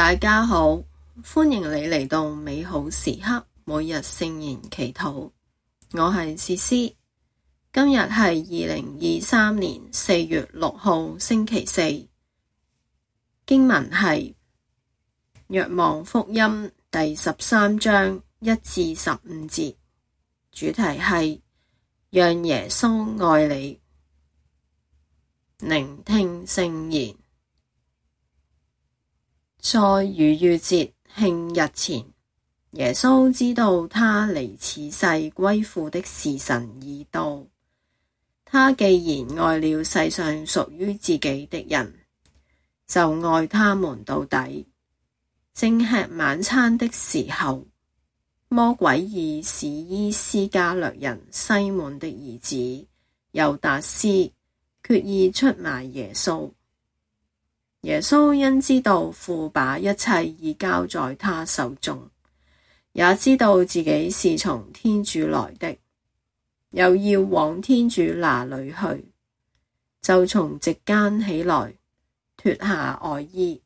大家好，歡迎你嚟到美好時刻每日聖言祈禱，我係詩詩，今日係二零二三年四月六號星期四，經文係《若望福音》第十三章一至十五節，主題係讓耶穌愛你，聆聽聖言。在逾越節慶日前，耶穌知道他離此世歸父的時辰已到。他既然愛了世上屬於自己的人，就愛他們到底。正吃晚餐的時候，魔鬼已使依斯加略人西滿的兒子猶達斯決意出賣耶穌。耶穌因知道父把一切已交在他手中，也知道自己是從天主來的，又要往天主那裡去，就從席間起來，脫下外衣，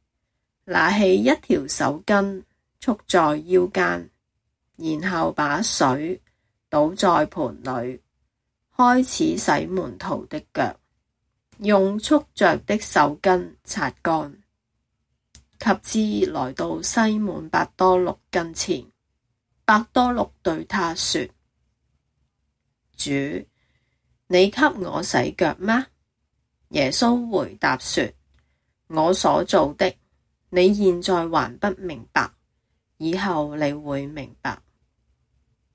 拿起一條手巾束在腰間，然後把水倒在盆裏，開始洗門徒的腳。用束着的手巾擦乾，及至來到西滿伯多祿跟前。伯多祿對他說：主，你給我洗腳嗎？耶穌回答說：我所做的，你現在還不明白，以後你會明白。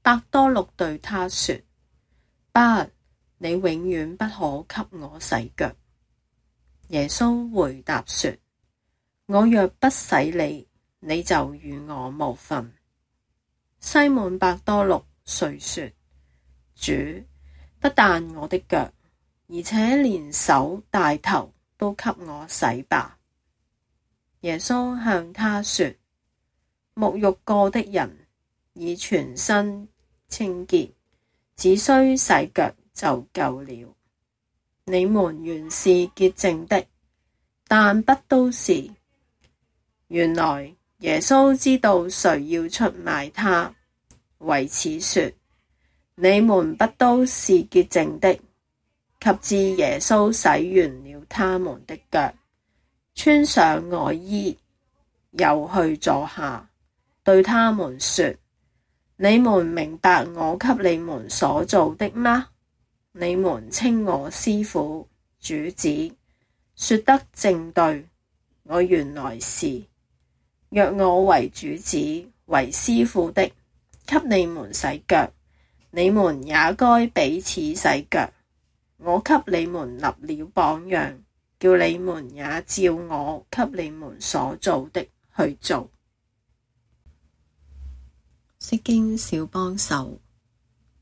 伯多祿對他說：不。你永遠不可給我洗腳。耶穌回答說：我若不洗你，你就與我無分。西滿伯多祿遂說：主不但我的腳，而且連手帶頭都給我洗吧。耶穌向他說：沐浴過的人已全身清潔，只需洗腳。就夠了。你們原是潔淨的，但不都是。原來耶穌知道誰要出賣他，為此說：你們不都是潔淨的。及至耶穌洗完了他們的腳，穿上外衣，又去坐下，對他們說：你們明白我給你們所做的嗎？你們稱我師傅主子，說得正對。我原來是。若我為主子、為師傅的，給你們洗腳，你們也該彼此洗腳。我給你們立了榜樣，叫你們也照我給你們所做的去做。《釋經小幫手》。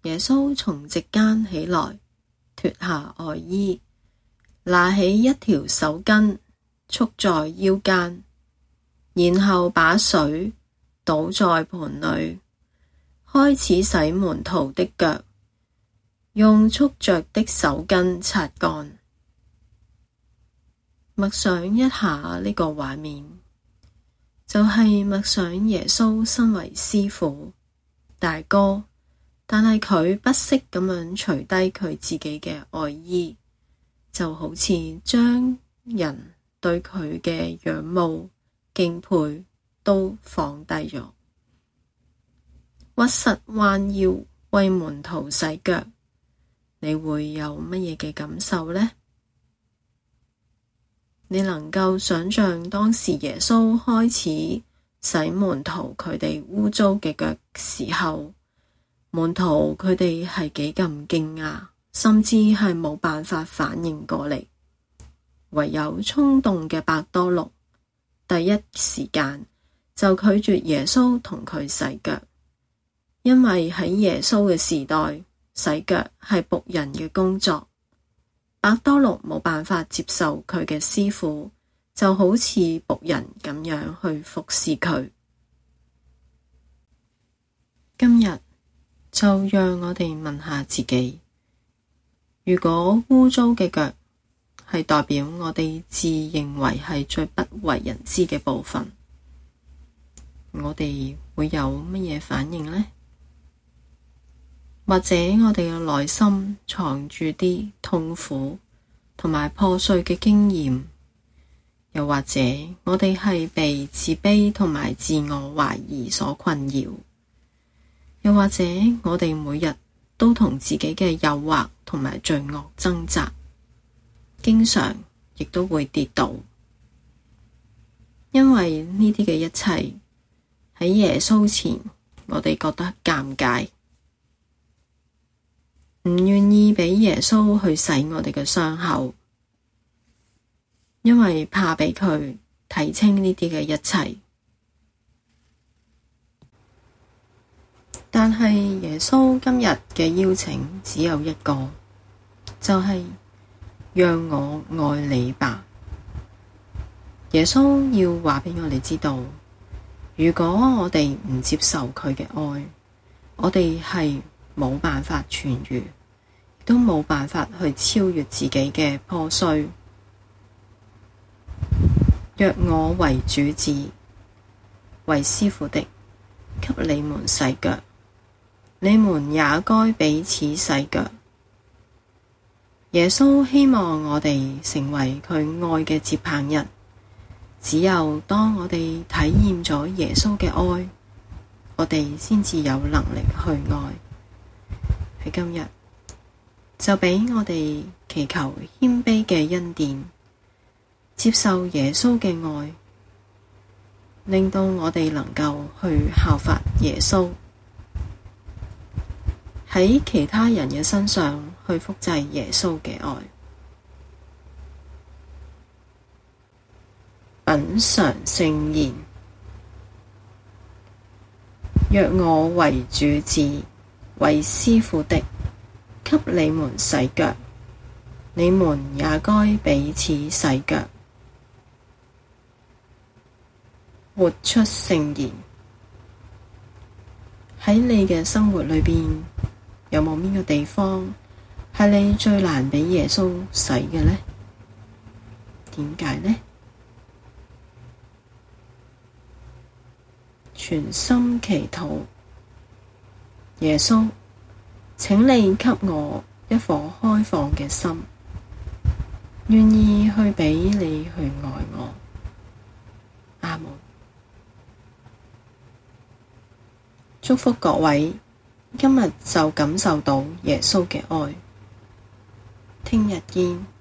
耶穌從席間起來，脫下外衣，拿起一條手巾束在腰間，然後把水倒在盆裏，開始洗門徒的腳，用束着的手巾擦乾。默想一下呢個畫面，就係、是、默想耶穌身為師傅、大哥。但係佢不惜咁樣除低佢自己嘅外衣，就好似將人對佢嘅仰慕敬佩，都放低咗。屈膝彎腰為門徒洗腳，你會有乜嘢嘅感受呢？你能夠想象當時耶穌開始洗門徒佢哋污糟嘅腳時候，門徒佢哋係幾咁驚訝，甚至係冇辦法反應過嚟，唯有衝動嘅伯多祿，第一時間就拒絕耶穌同佢洗腳，因為喺耶穌嘅時代，洗腳係僕人嘅工作，伯多祿冇辦法接受佢嘅師傅，就好似僕人咁樣去服侍佢。就讓我哋問下自己：如果污糟嘅腳係代表我哋自認為係最不為人知嘅部分，我哋會有乜嘢反應呢？或者我哋嘅內心藏住啲痛苦同埋破碎嘅經驗，又或者我哋係被自卑同埋自我懷疑所困擾？又或者，我哋每日都同自己嘅誘惑同埋罪惡掙扎，經常亦都會跌倒，因為呢啲嘅一切喺耶穌前，我哋覺得尷尬，唔願意畀耶穌去洗我哋嘅傷口，因為怕畀佢睇清呢啲嘅一切。但係耶穌今日嘅邀請只有一個，就係讓我愛你吧。耶穌要話畀我哋知道，如果我哋唔接受佢嘅愛，我哋係冇辦法痊癒，都冇辦法去超越自己嘅破碎。若我為主子、為師傅的，給你們洗腳，你們也該彼此洗腳。耶穌希望我哋成為佢愛嘅接棒人。只有當我哋體驗咗耶穌嘅愛，我哋先至有能力去愛。喺今日，就畀我哋祈求謙卑嘅恩典，接受耶穌嘅愛，令到我哋能夠去效法耶穌。喺其他人嘅身上去複製耶穌嘅愛。品嘗聖言，若我為主子、為師傅的，給你們洗腳，你們也該彼此洗腳。活出聖言，喺你嘅生活裏邊。有冇邊個地方係你最難俾耶穌洗嘅呢？點解呢？全心祈禱，耶穌，請你給我一顆開放嘅心，願意去俾你去愛我。阿門。祝福各位。今日就感受到耶穌嘅愛，聽日見。